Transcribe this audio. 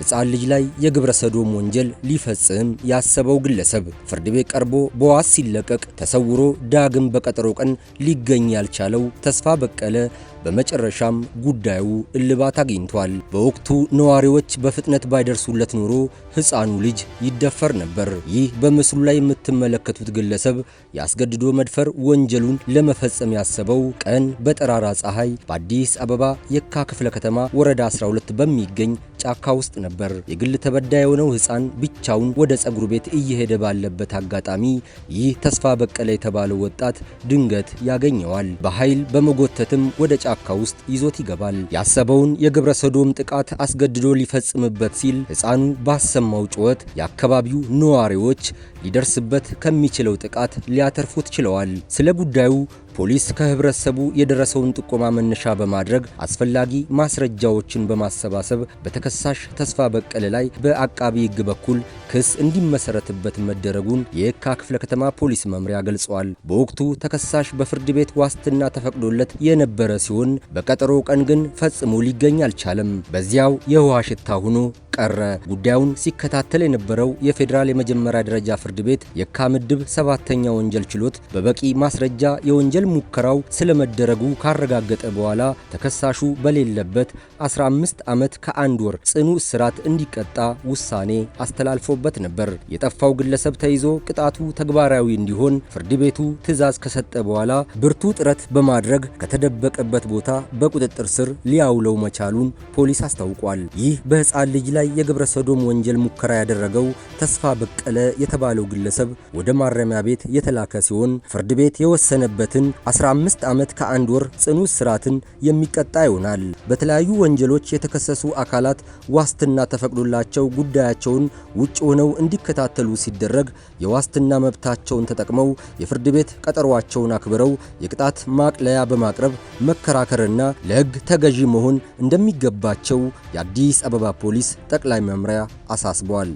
ሕፃን ልጅ ላይ የግብረ ሰዶም ወንጀል ሊፈጽም ያሰበው ግለሰብ ፍርድ ቤት ቀርቦ በዋስ ሲለቀቅ ተሰውሮ ዳግም በቀጠሮ ቀን ሊገኝ ያልቻለው ተስፋ በቀለ በመጨረሻም ጉዳዩ እልባት አግኝቷል። በወቅቱ ነዋሪዎች በፍጥነት ባይደርሱለት ኖሮ ሕፃኑ ልጅ ይደፈር ነበር። ይህ በምስሉ ላይ የምትመለከቱት ግለሰብ ያስገድዶ መድፈር ወንጀሉን ለመፈጸም ያሰበው ቀን በጠራራ ፀሐይ በአዲስ አበባ የካ ክፍለ ከተማ ወረዳ 12 በሚገኝ ጫካ ውስጥ ነበር። ነበር። የግል ተበዳይ የሆነው ህፃን ብቻውን ወደ ጸጉር ቤት እየሄደ ባለበት አጋጣሚ ይህ ተስፋ በቀለ የተባለው ወጣት ድንገት ያገኘዋል። በኃይል በመጎተትም ወደ ጫካ ውስጥ ይዞት ይገባል። ያሰበውን የግብረ ሰዶም ጥቃት አስገድዶ ሊፈጽምበት ሲል ህፃኑ ባሰማው ጩኸት የአካባቢው ነዋሪዎች ሊደርስበት ከሚችለው ጥቃት ሊያተርፉት ችለዋል። ስለ ጉዳዩ ፖሊስ ከህብረተሰቡ የደረሰውን ጥቆማ መነሻ በማድረግ አስፈላጊ ማስረጃዎችን በማሰባሰብ በተከሳሽ ተስፋ በቀለ ላይ በአቃቢ ህግ በኩል ክስ እንዲመሰረትበት መደረጉን የየካ ክፍለ ከተማ ፖሊስ መምሪያ ገልጿል። በወቅቱ ተከሳሽ በፍርድ ቤት ዋስትና ተፈቅዶለት የነበረ ሲሆን በቀጠሮ ቀን ግን ፈጽሞ ሊገኝ አልቻለም። በዚያው የውሃ ሽታ ሆኖ ቀረ። ጉዳዩን ሲከታተል የነበረው የፌዴራል የመጀመሪያ ደረጃ ፍርድ ቤት የካ ምድብ ሰባተኛ ወንጀል ችሎት በበቂ ማስረጃ የወንጀል ሙከራው ስለመደረጉ ካረጋገጠ በኋላ ተከሳሹ በሌለበት 15 ዓመት ከአንድ ወር ጽኑ እስራት እንዲቀጣ ውሳኔ አስተላልፎበት ነበር። የጠፋው ግለሰብ ተይዞ ቅጣቱ ተግባራዊ እንዲሆን ፍርድ ቤቱ ትዕዛዝ ከሰጠ በኋላ ብርቱ ጥረት በማድረግ ከተደበቀበት ቦታ በቁጥጥር ስር ሊያውለው መቻሉን ፖሊስ አስታውቋል። ይህ በሕፃን ልጅ ላይ ላይ የግብረ ሰዶም ወንጀል ሙከራ ያደረገው ተስፋ በቀለ የተባለው ግለሰብ ወደ ማረሚያ ቤት የተላከ ሲሆን ፍርድ ቤት የወሰነበትን 15 ዓመት ከአንድ ወር ጽኑ እስራትን የሚቀጣ ይሆናል። በተለያዩ ወንጀሎች የተከሰሱ አካላት ዋስትና ተፈቅዶላቸው ጉዳያቸውን ውጭ ሆነው እንዲከታተሉ ሲደረግ የዋስትና መብታቸውን ተጠቅመው የፍርድ ቤት ቀጠሯቸውን አክብረው የቅጣት ማቅለያ በማቅረብ መከራከርና ለሕግ ተገዢ መሆን እንደሚገባቸው የአዲስ አበባ ፖሊስ ጠቅላይ መምሪያ አሳስቧል።